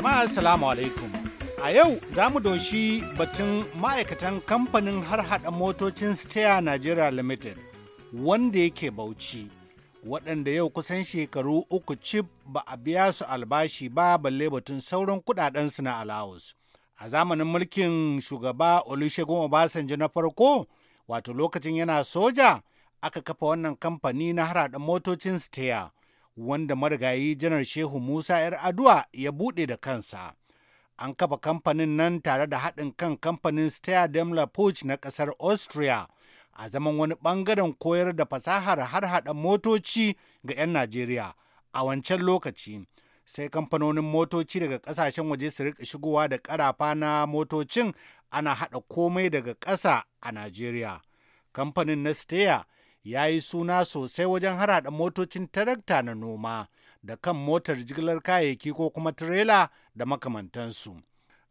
Jama'a salamu alaikum. A yau za mu doshi batun ma'aikatan kamfanin har hada motocin Steya Nigeria Limited wanda yake Bauchi. Waɗanda yau kusan shekaru uku cif ba a biya su albashi ba balle batun sauran kudadensu na alawus. A zamanin mulkin shugaba Olusegun Obasanjo na farko, wato lokacin yana soja, aka kafa wannan kamfani na harhaɗa motocin Steya. wanda marigayi janar Shehu Musa 'yar Adua ya buɗe da kansa. An kafa kamfanin nan tare da haɗin kan kamfanin Steyr demla Puch na ƙasar Austria a zaman wani ɓangaren koyar da fasahar har haɗa motoci ga 'yan Najeriya a wancan lokaci. Sai kamfanonin motoci daga ƙasashen waje su riƙa shigowa da ƙarafa na motocin ana haɗa komai daga ƙasa a Najeriya. Kamfanin na Steyr ya yi suna sosai wajen harhaɗa motocin tarakta na noma da kan motar jigilar kayayyaki ko kuma tirela da makamantansu.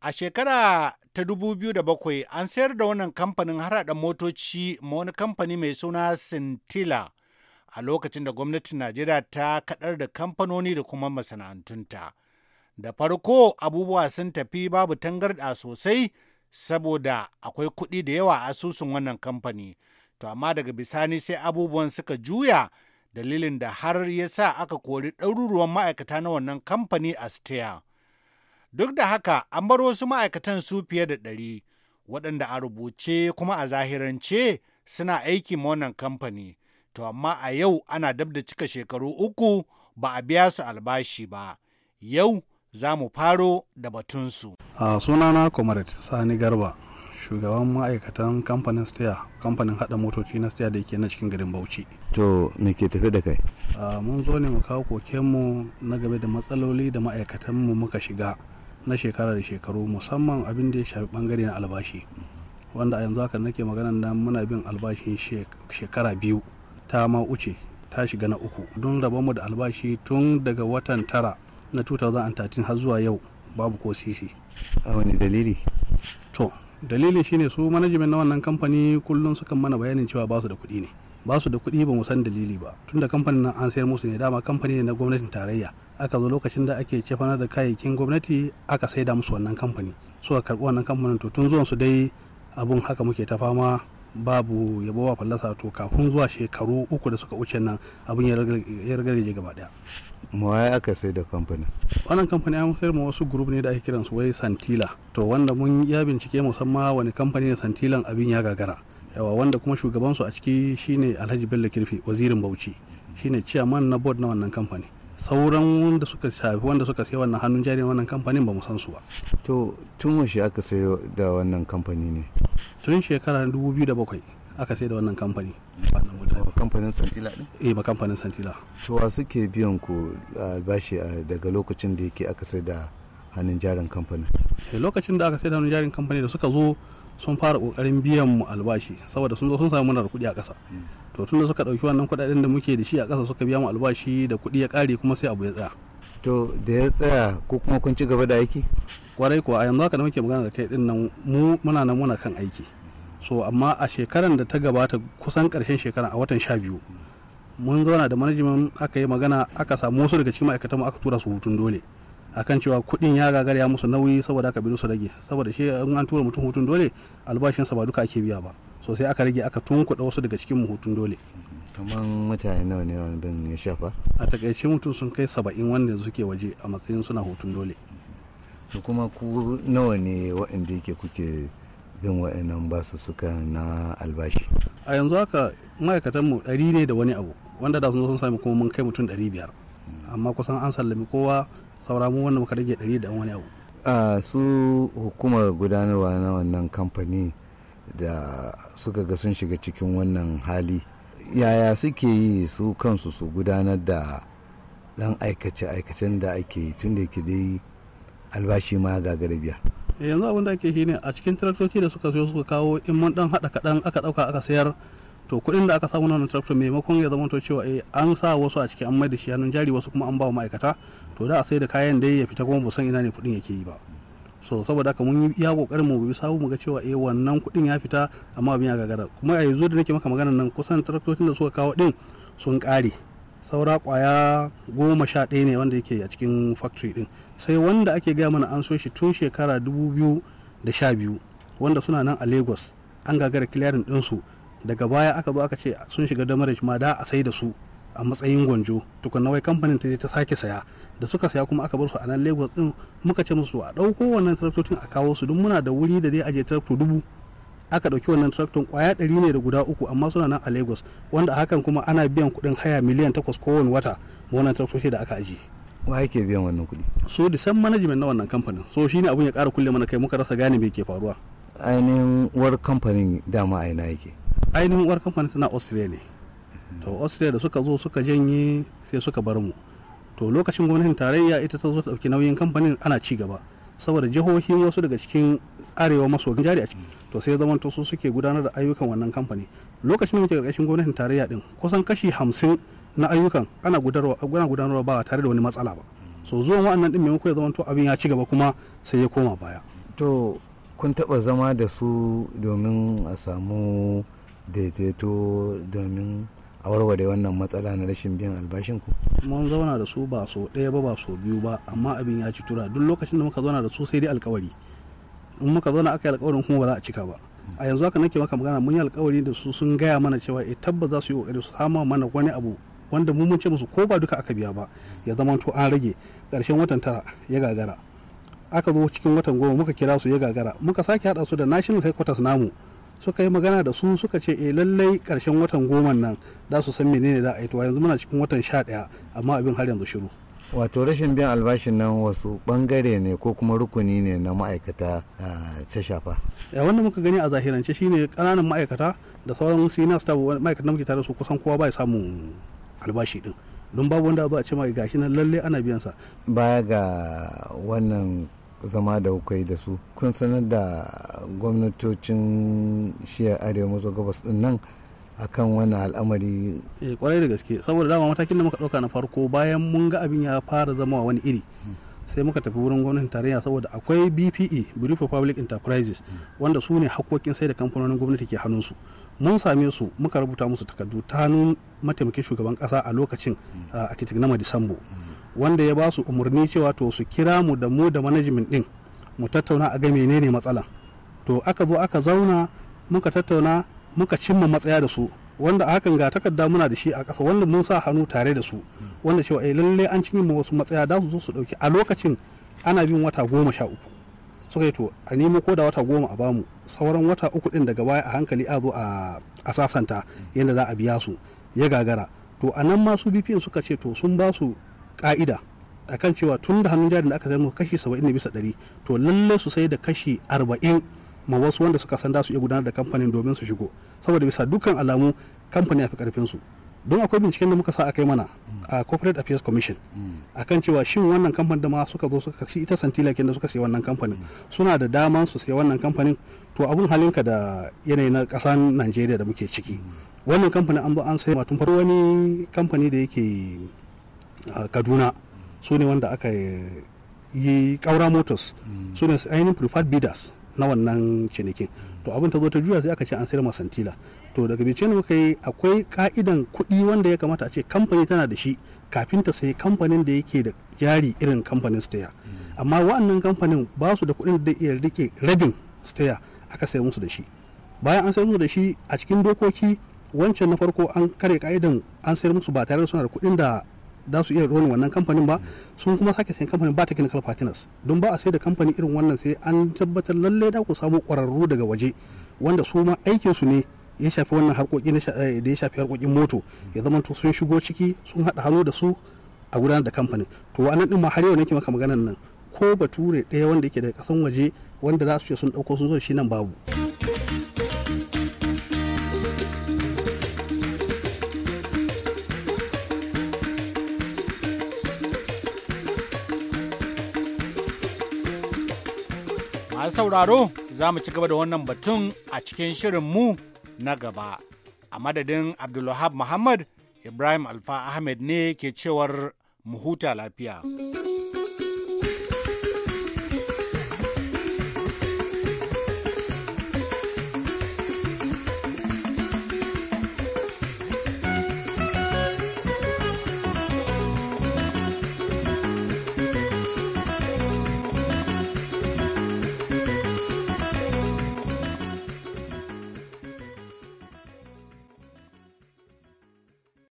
A shekara ta 2007 an sayar da wannan kamfanin harada motoci ma wani kamfani mai suna Sintila a lokacin da gwamnatin Najeriya ta kadar da kamfanoni da kuma masana'antunta. Da farko abubuwa sun tafi babu tangarɗa sosai saboda akwai kuɗi da yawa a asusun wannan kamfani. to amma daga bisani sai abubuwan suka juya dalilin da har ya sa aka kori ɗaruruwan ma'aikata na wannan kamfani a steya duk da haka an bar wasu ma'aikatan su fiye da ɗari waɗanda a rubuce kuma a zahirance suna aiki ma wannan kamfani to amma a yau ana dab da cika shekaru uku ba a biya su albashi ba yau za mu faro da batunsu. a sunana comrade sani garba shugaban ma'aikatan kamfanin steya kamfanin hada motoci na steya da ke na cikin garin bauchi to me ke tafi da kai mun zo ne mu kawo kokenmu na game da matsaloli da ma'aikatan mu muka shiga na shekara da shekaru musamman abin da ya shafi bangare na albashi wanda a yanzu haka nake magana da muna bin albashin shekara biyu ta ma uce ta shiga na uku don mu da albashi tun daga watan tara na 2013 har zuwa yau babu ko sisi a wani dalili to dalilin shine su manajimin na wannan kamfani kullum sukan mana bayanin cewa ba su da kuɗi ne ba su da kuɗi ba mu san dalili ba tunda kamfanin nan an sayar musu ne dama kamfani ne na gwamnatin tarayya aka zo lokacin da ake cefanar da kayayyakin gwamnati aka saida musu wannan kamfani suka karɓi wannan kamfanin to tun zuwan su dai abun haka muke ta fama babu yabo wa fallasa to kafin zuwa shekaru uku da suka wuce nan abin ya ragargaje gaba daya mawai aka sai da kamfanin wannan kamfanin ya musayar ma wasu grup ne da ake kiransu wai santila to wanda mun ya bincike musamman wani kamfani ne santilan abin ya gagara yawa wanda kuma shugabansu a ciki shine alhaji bello kirfi wazirin bauchi shine ciyaman na board na wannan kamfani sauran wanda suka shafi wanda suka sai wannan hannun jari wannan kamfanin ba mu san su ba to tun washe aka sayo da wannan kamfani ne tun shekara 2007 aka sai da wannan kamfani kamfanin santila din eh ba kamfanin santila wa suke biyan ku albashi daga lokacin da yake aka sai da hannun jarin kamfanin eh, lokacin da aka sai da hannun jarin kamfanin da suka zo sun fara kokarin biyan mu albashi saboda sun zo sun samu mana kuɗi a ƙasa mm. to tun da suka ɗauki wannan kudaden da muke da shi a kasa suka biya mu albashi da kuɗi ya kare kuma sai abu ya tsaya to da ya tsaya ko kuma kun ci gaba da aiki kwarai kuwa a yanzu haka da muke magana da kai din nan mu muna nan muna kan aiki so amma a shekaran da ta gabata kusan karshen shekara a watan sha biyu mun zauna da manajimin aka yi magana aka samu wasu daga cikin ma'aikatan aka tura su hutun dole akan cewa kuɗin ya gagara ya musu nauyi saboda aka bi su rage saboda shi an tura mutum hutun dole albashinsa ba duka ake biya ba so sai aka rage aka tunkuɗa wasu daga cikin hutun dole kamar mutane nawa ne wani bin ya shafa a takaice mutum sun kai saba'in wanda yanzu suke waje a matsayin suna hutun dole to kuma ku nawa ne waɗanda yake kuke bin waɗannan basu suka na albashi a yanzu haka ma'aikatan mu ɗari ne da wani abu wanda da sun zo sun sami kuma mun kai mutum ɗari biyar amma kusan an sallami kowa saura mu wanda muka rage ɗari da wani abu a su hukumar gudanarwa na wannan kamfani da suka ga sun shiga cikin wannan hali yaya suke yi su kansu su gudanar da dan aikace-aikacen da ake yi tun da ke dai albashi ma ga garbiya. Eh, yanzu abin da ake shi ne a cikin traktoci da suka siyo suka kawo in mun dan hada kaɗan aka ɗauka aka sayar to kuɗin da aka samu na traktor maimakon ya zama to cewa eh, an sa wasu a cikin an mai da shi hannun jari wasu kuma an ba wa ma'aikata to da a sai da kayan dai ya fita kuma ba san ina ne kuɗin yake yi ba so saboda haka mun yi iya kokarin mu bi sabu mu ga cewa eh wannan kuɗin ya fita amma abin ya gagara kuma a yanzu da nake maka magana nan kusan traktocin da suka kawo din sun kare saura kwaya goma sha ɗaya ne wanda yake a cikin factory din sai wanda ake gaya mana an so shi tun shekara dubu biyu da sha biyu wanda suna nan a lagos an gagara clearing ɗinsu daga baya aka zo aka ce sun shiga damar ma da a sai da su a matsayin gwanjo tukunna wai kamfanin ta je ta sake saya da suka saya kuma aka bar su a nan lagos din muka ce musu a ɗauko wannan traktocin a kawo su don muna da wuri da zai aje traktor dubu aka ɗauki wannan traktor kwaya ɗari ne da guda uku amma suna nan a lagos wanda a hakan kuma ana biyan kuɗin haya miliyan takwas kowane wata ma wannan traktoci da aka ajiye wa yake biyan wannan kuɗi so da san management na wannan kamfanin so shine abun ya ƙara kulle mana kai muka rasa gane me ke faruwa ainihin war kamfanin dama aina yake ainihin war kamfanin tana australia ne to australia da suka zo suka janye sai suka bar mu to lokacin gwamnatin tarayya ita ta zo ta dauki nauyin kamfanin ana ci gaba saboda jihohi wasu daga cikin arewa maso jari a ciki to sai zaman to su suke gudanar da ayyukan wannan kamfani lokacin da muke karkashin gwamnatin tarayya din kusan kashi hamsin na ayyukan ana gudanarwa ba tare da wani matsala ba so zuwan wa'annan din maimako ya zamanto abin ya ci gaba kuma sai ya koma baya to kun taba zama da su domin a samu daidaito domin a warware wannan matsala na rashin biyan albashin ku mun zauna da su ba so ɗaya ba ba so biyu ba amma abin ya ci tura duk lokacin da muka zauna da su sai dai alkawari in muka zauna aka yi alkawarin kuma ba za a cika ba a yanzu haka nake maka magana mun yi alkawari da su sun gaya mana cewa e tabbas za su yi kokari su samu mana wani abu wanda mu mun ce musu ko ba duka aka biya ba ya zama to an rage karshen watan tara ya gagara aka zo cikin watan goma muka kira su ya gagara muka sake hada su da national headquarters namu suka yi magana da su suka ce eh lallai karshen watan goman nan za su san menene za a yi to yanzu muna cikin watan sha ɗaya amma abin har yanzu shiru wato rashin biyan albashin nan wasu bangare ne ko kuma rukuni ne na ma'aikata ta shafa wanda muka gani a zahirance shine kananan ma'aikata da sauran senior staff ma'aikatan muke tare su kusan kowa bai samun albashi din don babu wanda a a ce ma gashi nan lalle ana biyansa. baya ga wannan zama da kai da su kun sanar da gwamnatocin shiya arewa maso gabas din nan akan wannan al'amari eh kwarai da gaske saboda dama matakin da muka dauka na farko bayan mun ga abin ya fara zama wani iri sai muka tafi wurin gwamnatin tarayya saboda akwai bpe brief for public enterprises wanda su ne hakkokin sai da kamfanonin gwamnati ke su mun same su muka rubuta musu takardu ta hannun mataimakin shugaban kasa a lokacin a kitik na madisambo wanda ya ba su umarni cewa to su kira mu da mu da manajimin din mu tattauna a ga menene matsala to aka zo aka zauna muka tattauna muka cimma matsaya da su wanda hakan ga takarda muna da shi a kasa wanda mun sa hannu tare da su wanda cewa eh lalle an cimma wasu matsaya da su zo su dauki a lokacin ana bin wata goma sha uku suka yi to a nemo ko da wata goma a bamu sauran wata uku din daga baya a hankali a zo a sasanta yadda za a biya su ya gagara to a nan masu bp suka ce to sun ba su ka'ida kan cewa tun da hannun jarin da aka zama kashi 70 bisa 100 to lalle su sai da kashi 40 ma wasu wanda suka san da su iya gudanar da kamfanin domin su shigo saboda bisa dukkan alamu kamfani ya fi karfin su don akwai binciken da muka sa akai mana a corporate affairs commission mm. a kan cewa shin wannan kamfanin da ma suka zo suka shi ita santila da suka sai wannan kamfanin mm. suna da daman su sai wannan kamfanin to abun halinka da yanayi na kasan najeriya da muke ciki mm. wannan kamfanin an zo an sai tun wani kamfani da yake a kaduna su ne wanda aka yi kaura motors mm. su ne ainihin preferred bidders na wannan cinikin to abin ta zo ta juya sai aka ce an sayar masantila to daga bincike ne muka yi akwai ka'idan kuɗi wanda ya kamata a ce kamfani tana da shi kafin ta sayi kamfanin da yake da jari irin kamfanin steya mm. amma wa'annan kamfanin ba su da kuɗin da iya rike rabin steya aka sayar musu da shi bayan an sayar musu da shi a cikin dokoki wancan na farko an kare ka'idan an sayar musu ba tare da suna da kuɗin da da su iya rolin wannan kamfanin ba sun kuma sake sayan kamfanin ba technical partners don ba a sai da kamfani irin wannan sai an tabbatar lallai da ku samu kwararru daga waje wanda su ma aikin su ne ya shafi wannan harkoki eh, da ya shafi harkokin moto ya zama to sun shigo ciki sun haɗa hannu da su a gudanar da kamfanin to wa'annan din ma har yau nake maka maganan nan ko bature ɗaya wanda yake daga kasan waje wanda za su ce sun dauko sun zo da shi nan babu. masu sauraro za mu ci gaba da wannan batun a cikin shirin mu na gaba a madadin abdulwahab muhammad ibrahim alfa ahmed ne ke cewar mu huta lafiya.